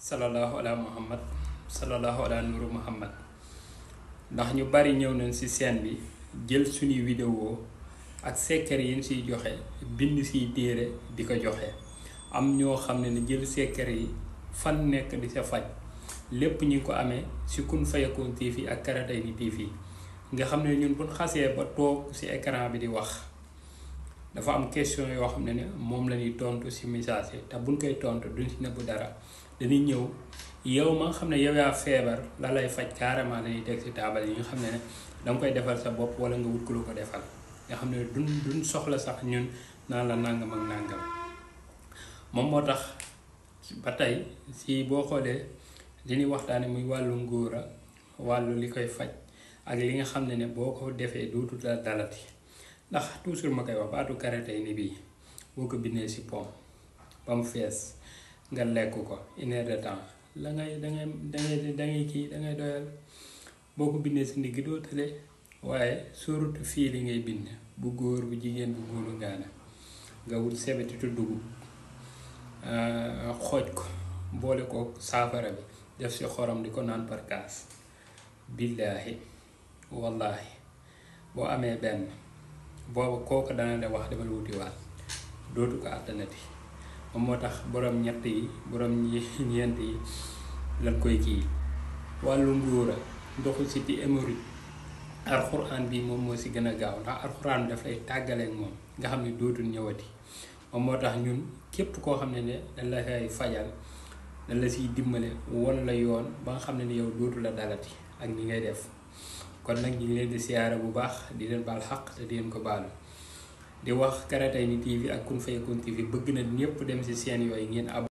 sallallahu ala muhammad sallallahu ala nuru muhammad ndax ñu bari ñëw nañ ci seen bi jël suñuy vidéo ak secret yi ñu ciy joxe bind ciy déere di ko joxe am ñoo xam ne ni jël secret yi fan nekk di sa faj lépp ñu ngi ko amee ci Kun Fayakoun TV ak Karataini TV nga xam ne ñun bu xasee ba toog ci écran bi di wax. dafa am question yoo xam ne ne moom la ñuy tontu si message te buñ koy tontu duñ si nëbb dara dañuy ñëw yow ma nga xam ne yow yaa feebar la lay faj carrément lañuy teg si taabal yi nga xam ne ne danga koy defal sa bopp wala nga wut ku la ko defal nga xam ne duñ duñ soxla sax ñun naan la nàngam nàngam moom moo tax ba tey si boo xoolee li ñuy muy wàllu ngóora wàllu li koy faj ak li nga xam ne ne boo ko defee dootul la dalati ndax toujours ma koy wax baatu ni bii boo ko bindee si pom ba mu fees nga lekk ko une heure de temps la ngay dangay dangay dangay kii dangay doyal boo ko bindee si ndigg doo tële waaye surtout fii li ngay bind bu góor bu jigéen bu góolu ngaana nga wut sebetitu dugub ah, xooj ko boole ko saafara bi def si xorom di ko naan parkaas kaas billaahi wallaahi boo amee benn boobu kooku dana ne wax dama la wutiwaat dootu ko àttanati moom moo tax boroom ñett yi borom ñeent yi lan koy kii wàllu ngóora ndoxu si di hémorroïde alxuraan bi moom moo si gën a gaaw ndax alxuraan bi dafay lay tàggaleek moom nga xam ne dootul ñëwati moom moo tax ñun képp koo xam ne ne dañ la koy fajal dañ la siy dimbale won la yoon ba nga xam ne ne yow dootu la dalati ak ni ngay def kon nag ñu ngi leen di siyaare bu baax di leen baal xaq te di leen ko baalu di wax Karateyn TV ak Kun Fayakoun TV bëgg na ñëpp dem ci seen yooyu ngeen am